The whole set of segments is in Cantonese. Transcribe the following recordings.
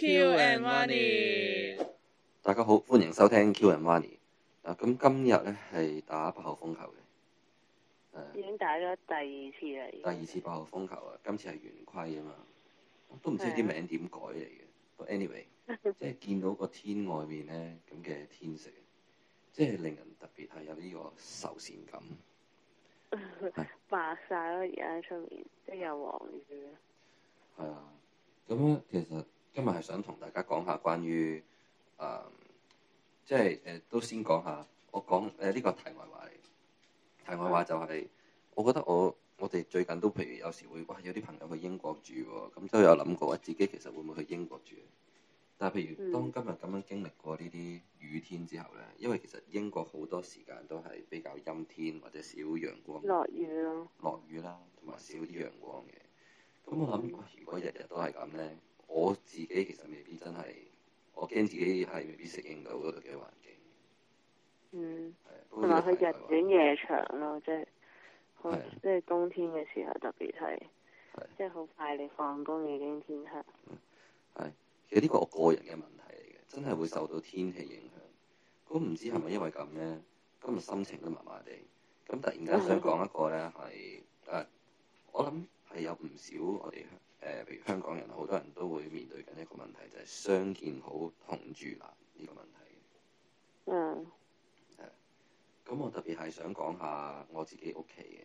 Q and Money，大家好，歡迎收聽 Q and Money。啊，咁今日咧係打八號風球嘅，誒，已經打咗第二次啦，第二次八號風球啊，今次係圓規啊嘛，都唔知啲名點改嚟嘅。But anyway， 即係見到個天外面咧咁嘅天色，即係令人特別係有呢個愁善感，係 白晒咯，而家出面即係有黃雨，係啊、 嗯，咁咧其實。今日係想同大家講下關於誒、嗯，即係誒、呃，都先講下。我講誒呢、呃這個題外話嚟。題外話就係、是、是的 我覺得我我哋最近都譬如有時會話有啲朋友去英國住喎、哦，咁都有諗過話自己其實會唔會去英國住？但係譬如當今日咁樣經歷過呢啲雨天之後咧，因為其實英國好多時間都係比較陰天或者少陽光，落雨咯，落雨啦，同埋少啲陽光嘅。咁我諗，嗯、如果日日都係咁咧？我自己其實未必真係，我驚自己係未必適應到嗰度嘅環境。嗯，同埋佢日短夜長咯，即係好，即係冬天嘅時候特別係，即係好快你放工已經天黑。係，其實呢個我個人嘅問題嚟嘅，真係會受到天氣影響。我唔知係咪因為咁咧，嗯、今日心情都麻麻地。咁突然間想講一個咧係，誒係。少我哋香，譬、呃、如香港人好多人都會面對緊一個問題，就係、係、相見好同住難呢、呢個問題。嗯。係。咁我特別係想講下我自己屋企嘅。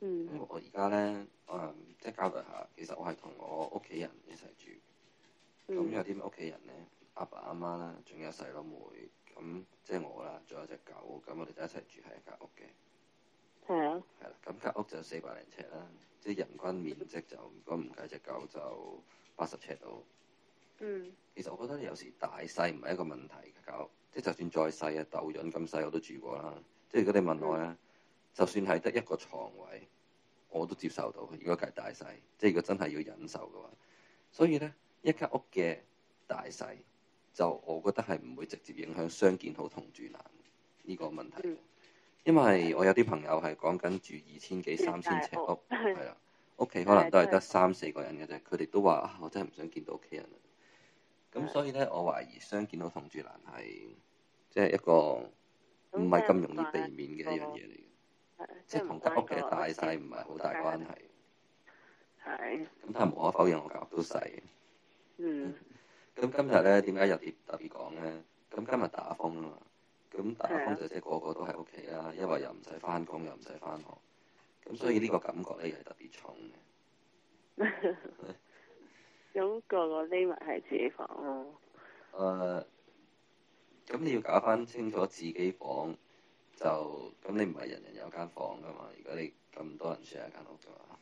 嗯。因為我而家咧，誒，即係交代下，其實我係同我屋企人一齊住。咁、嗯、有啲屋企人咧，阿爸阿媽啦，仲有細佬妹，咁即係我啦，仲有隻狗，咁我哋就一齊住喺一間屋嘅。係啊、嗯。咁間屋就四百零尺啦，即係人均面積就，如果唔計隻狗就八十尺到。嗯。其實我覺得有時大細唔係一個問題嘅狗，即係就算再細啊，豆潤咁細我都住過啦。即係如果你問我咧，嗯、就算係得一個床位，我都接受到。如果計大細，即係如果真係要忍受嘅話，所以咧一間屋嘅大細就我覺得係唔會直接影響相見好同住難呢、呢個問題。嗯因為我有啲朋友係講緊住二千幾三千尺屋，係啦屋，屋企可能都係得三四個人嘅啫，佢哋都話：我真係唔想見到屋企人咁的，所以咧，我懷疑相見好同住難係，即、就、係、是、一個唔係咁容易避免嘅一樣嘢嚟嘅。即係同間屋嘅大細唔係好大關係。係的。咁但係無可否認，我間屋都細。嗯。咁、 嗯、今日咧點解有啲特別講咧？咁今日打風啊嘛。咁打工仔仔個個都喺屋企啦，的因為又唔使翻工，又唔使翻學，咁所以呢個感覺咧又係特別重嘅。咁個個匿埋喺自己房咯。誒，咁你要搞翻清楚自己房就咁，你唔係人人有間房噶嘛？如果你咁多人住喺一間屋嘅話，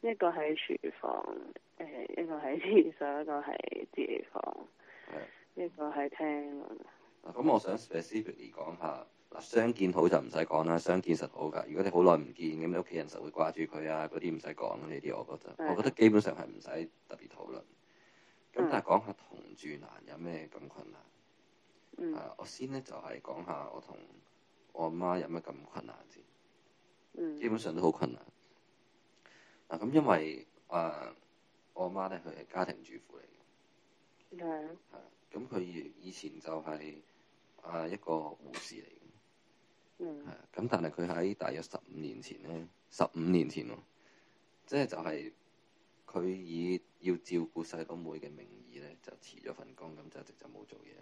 一，一個喺廚房，誒，一個喺廁所，一個喺自己房，的一個喺廳。咁我想 specifically 講下，嗱，相見好就唔使講啦，相見實好噶。如果你好耐唔見，咁你屋企人實會掛住佢啊，嗰啲唔使講呢啲，我覺得，啊、我覺得基本上係唔使特別討論。咁、啊、但係講下同住難有咩咁困難？啊，我先咧就係講下我同我媽有咩咁困難先。基本上都好困難。啊，咁因為誒、啊、我媽咧佢係家庭主婦嚟嘅。係啊。係咁佢以以前就係、mm. mm.。啊，一個護士嚟嘅，係、嗯、啊，咁但係佢喺大約十五年前咧，十五年前喎，即係就係佢以要照顧細佬妹嘅名義咧，就辭咗份工，咁就一直就冇做嘢。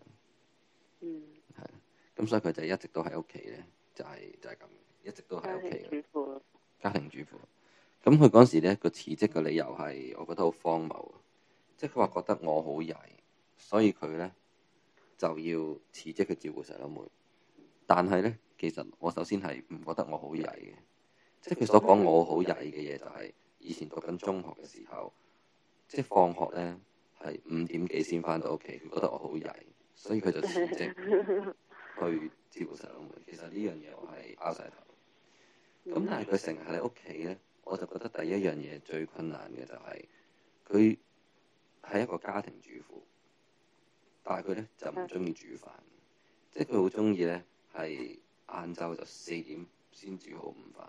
嗯，係咁所以佢就一直都喺屋企咧，就係、係、就係、係、咁，一直都喺屋企嘅家庭主婦。家庭主婦。咁佢嗰陣時咧，個辭職嘅理由係，我覺得好荒謬，即係佢話覺得我好曳，所以佢咧，就要辭職去照顧細佬妹，但係咧，其實我首先係唔覺得我好曳嘅，即係佢所講我好曳嘅嘢就係、是、以前讀緊中學嘅時候，即係放學咧係五點幾先返到屋企，佢覺得我好曳，所以佢就辭職去照顧細佬妹。 其實呢樣嘢我係拗晒頭，咁但係佢成日喺屋企咧，我就覺得第一樣嘢最困難嘅就係佢係一個家庭主婦。但係佢咧就唔中意煮飯，即係佢好中意咧係晏晝就四點先煮好午飯，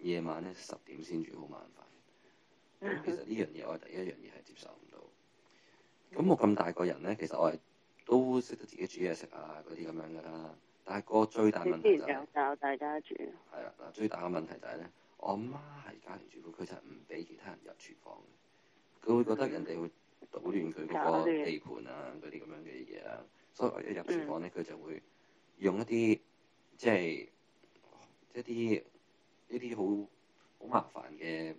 夜晚咧十點先煮好晚飯。其實呢樣嘢我係第一樣嘢係接受唔到。咁我咁大個人咧，其實我係都識得自己煮嘢食啊嗰啲咁樣噶啦。但係個最大問題就係，有教大家煮。係啦，嗱，最大嘅問題就係咧，我阿媽係家庭主婦，佢就唔俾其他人入廚房，佢會覺得人哋會搗亂佢嗰個地盤啊，嗰啲咁樣嘅嘢啊，所以一入廚房咧，佢、嗯、就會用一啲即係即係啲呢啲好好麻煩嘅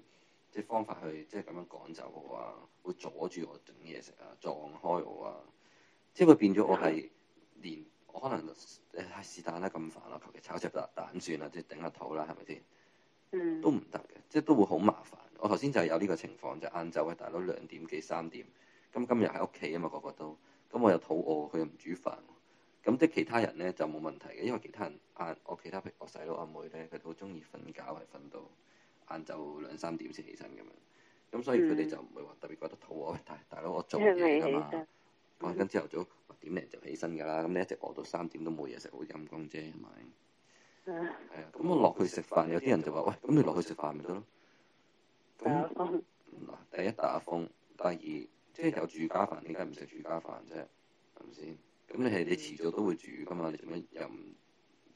即係方法去即係咁樣趕走我啊，會阻住我整嘢食啊，撞開我啊，即係會變咗我係連我可能誒是但啦咁煩啦，求其炒隻蛋蛋算啦，即係頂下肚啦，係咪先？都唔得嘅，即係都會好麻煩。我頭先就係有呢個情況，就晏晝啊，大佬兩點幾三點，咁今日喺屋企啊嘛，個個都，咁我又肚餓，佢又唔煮飯，咁即係其他人咧就冇問題嘅，因為其他人晏我其他我細佬阿妹咧，佢都好中意瞓覺，係瞓到晏晝兩三點先起身咁樣，咁所以佢哋就唔會話特別覺得肚餓，但係大佬我做嘢噶嘛，講緊朝頭早點零就起身噶啦，咁你一直餓到三點都冇嘢食，好陰功啫，係咪？係啊，咁我落去食飯，有啲人就話喂，咁你落去食飯咪得咯。打風。嗱，第一打風，第二即係有住家飯，點解唔食住家飯啫？係咪先？咁你係、嗯、你遲早都會煮噶嘛？你做咩又唔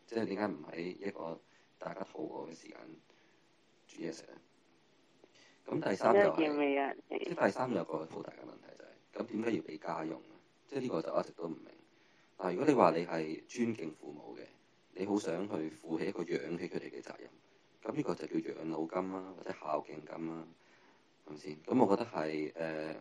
即係點解唔喺一個大家肚餓嘅時間煮嘢食咧？咁第三就係、是嗯、即係第三有個好大嘅問題就係、是，咁點解要俾家用啊？即係呢個就一直都唔明。但、啊、如果你話你係尊敬父母嘅。你好想去負起一個養起佢哋嘅責任，咁呢個就叫養老金啦、啊，或者孝敬金啦、啊，係咪先？咁我覺得係誒誒，視、呃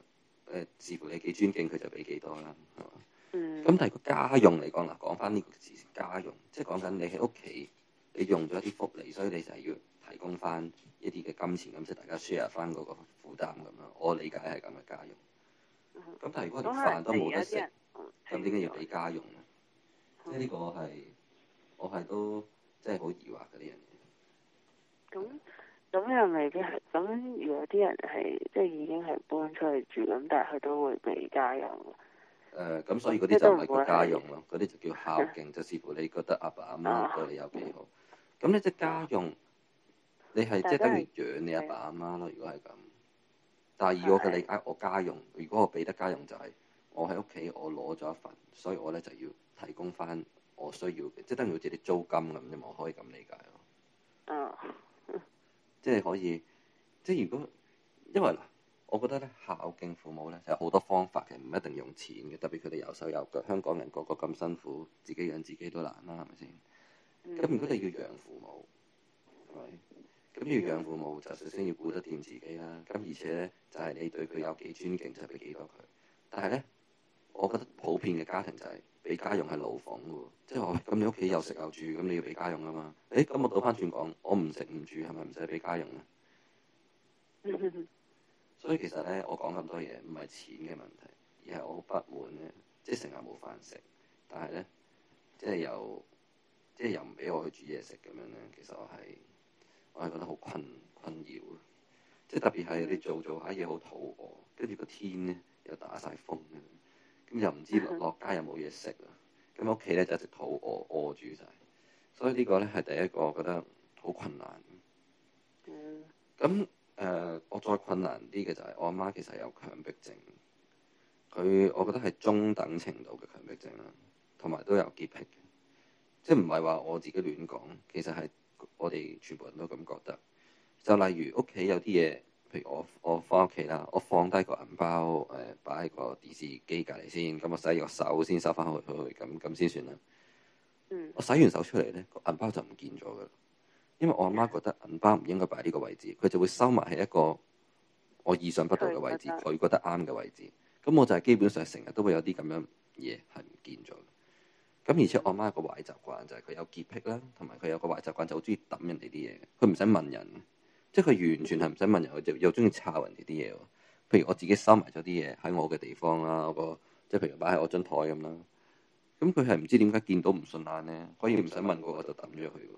呃、乎你幾尊敬佢就俾幾多啦。係嘛？嗯。咁但係個家用嚟講啦，講翻呢個字家用，即係講緊你喺屋企，你用咗一啲福利，所以你就係要提供翻一啲嘅金錢，咁即係大家 share 翻嗰個負擔咁樣。我理解係咁嘅家用。咁、嗯、但係如果連飯都冇得食，咁點解要俾家用咧？即係呢個係。嗯我係都即係好疑惑嗰啲人。咁咁又未必，咁如果啲人係即係已經係搬出去住咁，但係佢都會俾家用。誒，咁所以嗰啲就唔係叫家用咯，嗰啲就叫孝敬，就視乎你覺得阿爸阿媽對你有幾好。咁你即係家用，你係即係等於養你阿爸阿媽咯。如果係咁，但係以我嘅理解，我家用，如果我俾得家用就係我喺屋企我攞咗一份，所以我咧就要提供翻。我需要嘅，即係等於借啲租金咁，你咪可以咁理解咯。嗯，oh. 即係可以，即係如果，因為啦，我覺得咧孝敬父母咧有好多方法嘅，唔一定用錢嘅。特別佢哋有手有腳，香港人個個咁辛苦，自己養自己都難啦，啊，係咪先？咁、mm hmm. 如果你要養父母，係咁要養父母就首先要顧得掂自己啦。咁而且呢就係、係、你對佢有幾尊敬，就俾幾多佢。但係咧，我覺得普遍嘅家庭就係、係。俾家用係老房嘅喎，即係話咁你屋企又食又住，咁你要俾家用啊嘛？誒、欸、咁、嗯嗯嗯、我倒翻轉講，我唔食唔住，係咪唔使俾家用咧？所以其實咧，我講咁多嘢唔係錢嘅問題，而係我好不滿咧，即係成日冇飯食，但係咧，即係又即係又唔俾我去煮嘢食咁樣咧。其實我係我係覺得好困困擾啊！即係特別係你做做下嘢好肚餓，跟住個天咧又打晒風！咁又唔知落街有冇嘢食啊？咁屋企咧就一直肚餓餓住曬，所以呢個咧係第一個我覺得好困難。咁誒、呃，我再困難啲嘅就係、係、我阿媽其實有強迫症，佢我覺得係中等程度嘅強迫症啦，同埋都有潔癖嘅，即係唔係話我自己亂講，其實係我哋全部人都咁覺得。就例如屋企有啲嘢。譬如我我返屋企啦，我放低個銀包，誒、擺、喺個電視機隔離先，咁我洗個手先收翻去去咁咁先算啦。嗯、我洗完手出嚟咧，個銀包就唔見咗㗎。因為我阿媽,媽覺得銀包唔應該擺呢個位置，佢就會收埋喺一個我意想不到嘅位置，佢覺得啱嘅位置。咁我就係基本上成日都會有啲咁樣嘢係唔見咗。咁而且我媽,媽有個壞習慣就係、是、佢有潔癖啦，同埋佢有個壞習慣就好中意抌人哋啲嘢，佢唔使問人。即係佢完全係唔使問人，佢就又中意抄人哋啲嘢喎。譬如我自己收埋咗啲嘢喺我嘅地方啦，我個即係譬如擺喺我張台咁啦。咁佢係唔知點解見到唔順眼咧，可以唔使問我，我就抌咗佢喎。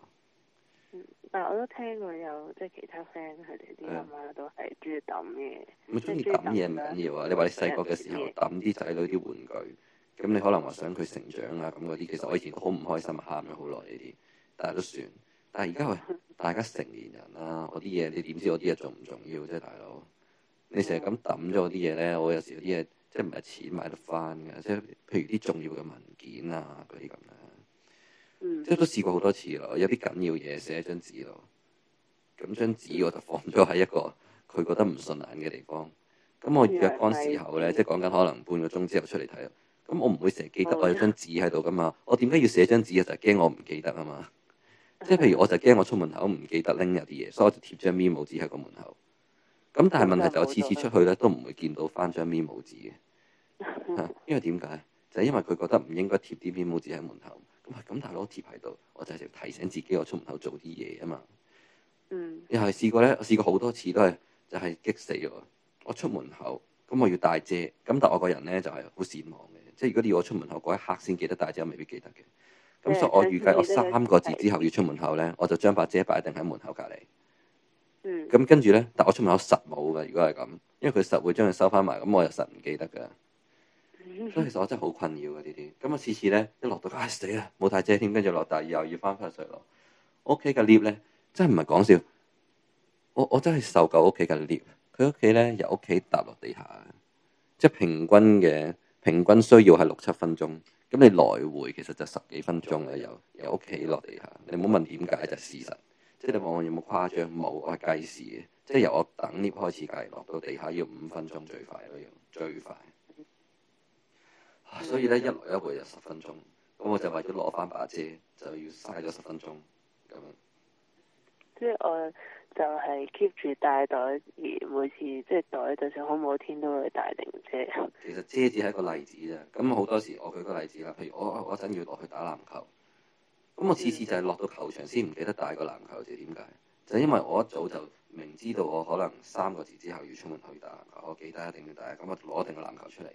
嗯，但係我都聽過有即係其他 friend 佢哋啲阿媽都係中意抌嘢。咁中意抌嘢唔緊要啊！你話你細個嘅時候抌啲仔女啲玩具，咁你可能話想佢成長啊，咁嗰啲其實我以前好唔開心，喊咗好耐呢啲，但係都算。但係而家喂，大家成年人啦，我啲嘢你點知我啲嘢重唔重要啫，大佬？你成日咁抌咗我啲嘢咧，我有時有啲嘢即係唔係錢買得翻嘅，即係譬如啲重要嘅文件啊嗰啲咁樣，嗯、即係都試過好多次咯。有啲緊要嘢寫張紙咯，咁張紙我就放咗喺一個佢覺得唔順眼嘅地方。咁我約嗰陣時候咧，即係講緊可能半個鐘之後出嚟睇。咁我唔會成日記得我有張紙喺度噶嘛？我點解要寫張紙啊？就係、係、驚我唔記得啊嘛？即係譬如，我就驚我出門口唔記得拎有啲嘢，所以我就貼張咪帽子喺個門口。咁但係問題就係我次次出去咧都唔會見到翻張咪帽子嘅， 因為點解？就係、是、因為佢覺得唔應該貼啲咪帽子喺門口。咁咁大佬貼喺度，我就係提醒自己我出門口做啲嘢啊嘛。嗯。又係試過咧，我試過好多次都係就係激死我。我出門口，咁、嗯、我要帶遮，咁但係我個人咧就係好善忘嘅，即係如果你要我出門口嗰一刻先記得帶遮，未必記得嘅。咁、嗯、所以，我預計我三個字之後要出門口咧，我就將把遮擺定喺門口隔籬。嗯。咁跟住咧，但我出門口實冇嘅。如果係咁，因為佢實會將佢收翻埋，咁我又實唔記得嘅。嗯、所以其實我真係好困擾嘅呢啲。咁啊，次次咧一落到街，哎、死啦，冇帶遮添，跟住落大雨又要翻返去水落。屋企嘅 lift 咧，真係唔係講笑，我我真係受夠屋企嘅 lift。佢屋企咧由屋企揼落地下，即係平均嘅平均需要係六七分鐘。咁你來回其實就十幾分鐘啦，由由屋企落地下，你唔好問點解，就事實。即係你望我有冇誇張？冇，我係計時嘅。即係由我等 lift 開始計，落到地下要五分鐘最快都要最快。啊。所以咧，一來一回就十分鐘。咁我就為咗攞翻把遮，就要嘥咗十分鐘咁。即係我就係 keep 住帶袋而每次即係袋就上好，每天都會帶定遮。其實遮只係一個例子啫。咁好多時我舉個例子啦，譬如我我嗰陣要落去打籃球，咁我次次就係落到球場先唔記得帶個籃球，就點解？就因為我一早就明知道我可能三個字之後要出門去打籃球，我記得一定要帶，咁我攞定個籃球出嚟，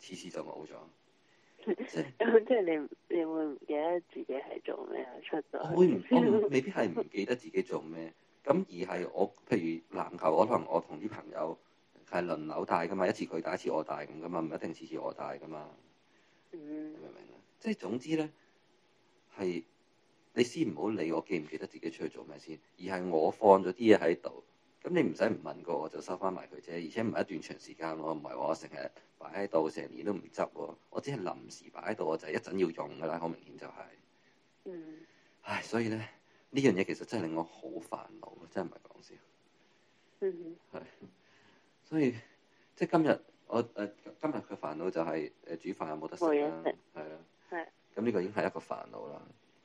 次次就冇咗。即係，嗯、你，你會唔記得自己係做咩啊？出咗，我會唔未必係唔記得自己做咩，咁而係我，譬如籃球，可能我同啲朋友係輪流帶噶嘛，一次佢帶，一次我帶咁噶嘛，唔一定次次我帶噶嘛，嗯、明唔明啊？即係總之咧，係你先唔好理我記唔記得自己出去做咩先，而係我放咗啲嘢喺度。咁你唔使唔問過我就收翻埋佢啫，而且唔係一段長時間，我唔係話我成日擺喺度，成年都唔執喎。我只係臨時擺喺度，我就係一陣要用噶啦。好明顯就係、是，嗯，唉，所以咧呢樣嘢其實真係令我好煩惱，真係唔係講笑，嗯哼，係，所以即係今日我誒、呃、今日嘅煩惱就係、是、誒、呃、煮飯冇得食啦，係啦，係的，咁呢的個已經係一個煩惱啦。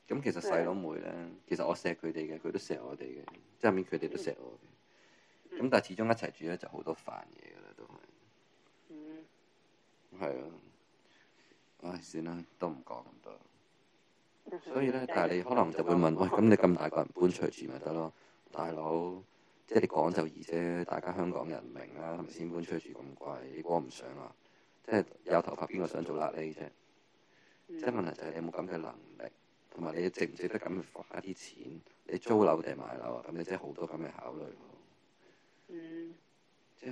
咁其實細佬妹咧，其實我錫佢哋嘅，佢都錫我哋嘅，即係面佢哋都錫我。咁但係始終一齊住咧就好多煩嘢噶啦，都係。嗯。係啊。唉，算啦，都唔講咁多。嗯、所以咧，但係你可能就會問：嗯、喂，咁你咁大個人搬出去住咪得咯？大佬，即係你講就易啫，大家香港人明啦、啊，係咪先搬出去住咁貴，如果我唔想啊。即係有頭髮邊個想做邋遢啫？即係問題就係你有冇咁嘅能力，同埋你值唔值得咁去花一啲錢？你租樓定買樓啊？咁你即係好多咁嘅考慮。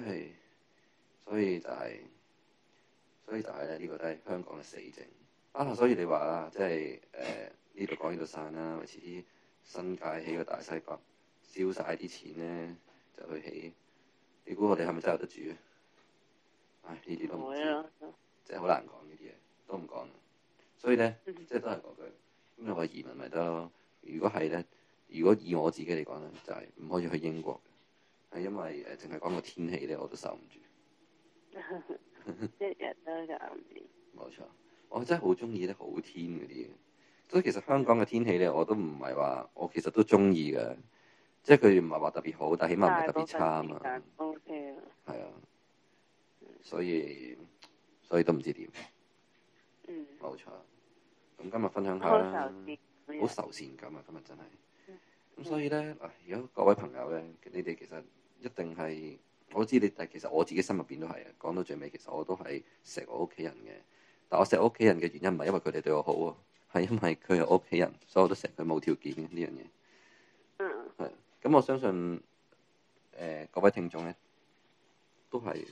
即係，所以就係、是，所以就係、是、咧，呢、這個都係香港嘅死症。啊，所以你話啦，即係誒，呢、呃、度講呢度散啦，為遲啲新界起個大西北，燒晒啲錢咧就去起。你估我哋係咪真係有得住啊？唉、哎，呢啲都唔知，即係好難講呢啲嘢，都唔講。所以咧，即係都係嗰句，咁你話移民咪得咯？如果係咧，如果以我自己嚟講咧，就係、是、唔可以去英國。係因為誒，淨係講個天氣咧，我都受唔住 。一日都受唔住，冇錯，我真係好中意咧好天嗰啲，所以其實香港嘅天氣咧，我都唔係話我其實都中意嘅，即係佢唔係話特別好，但係起碼唔係特別差啊嘛。O K 啊。係啊，okay. 啊，所以所以都唔知點。 嗯。冇錯。咁今日分享下啦，好愁善感啊！今日真係。咁所以咧，嗱，如果各位朋友咧，你哋其實一定係，我都知你，但其實我自己心入邊都係啊。講到最尾，其實我都係錫我屋企人嘅。但我錫屋企人嘅原因唔係因為佢哋對我好喎，係因為佢係屋企人，所以我都錫佢，冇條件呢樣嘢。嗯。係。咁我相信，誒、呃、各位聽眾咧，都係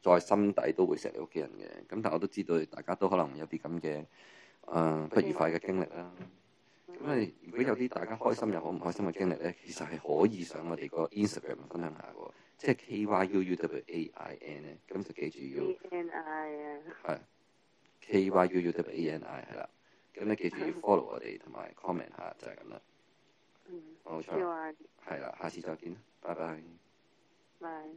在心底都會錫你屋企人嘅。咁但我都知道大家都可能有啲咁嘅，誒、呃、不愉快嘅經歷啦。咁你如果有啲大家開心又好唔開心嘅經歷咧，其實係可以上我哋個 Instagram 分享下嘅，即係 K Y U U W A I N 咧，咁就記住要。A N I 啊。係。K Y U U W A N I N 係啦，咁你記住要 follow 我哋同埋 comment 下就係咁啦。嗯、mm。冇錯。hmm。係啦 You are.，下次再見，拜拜。拜。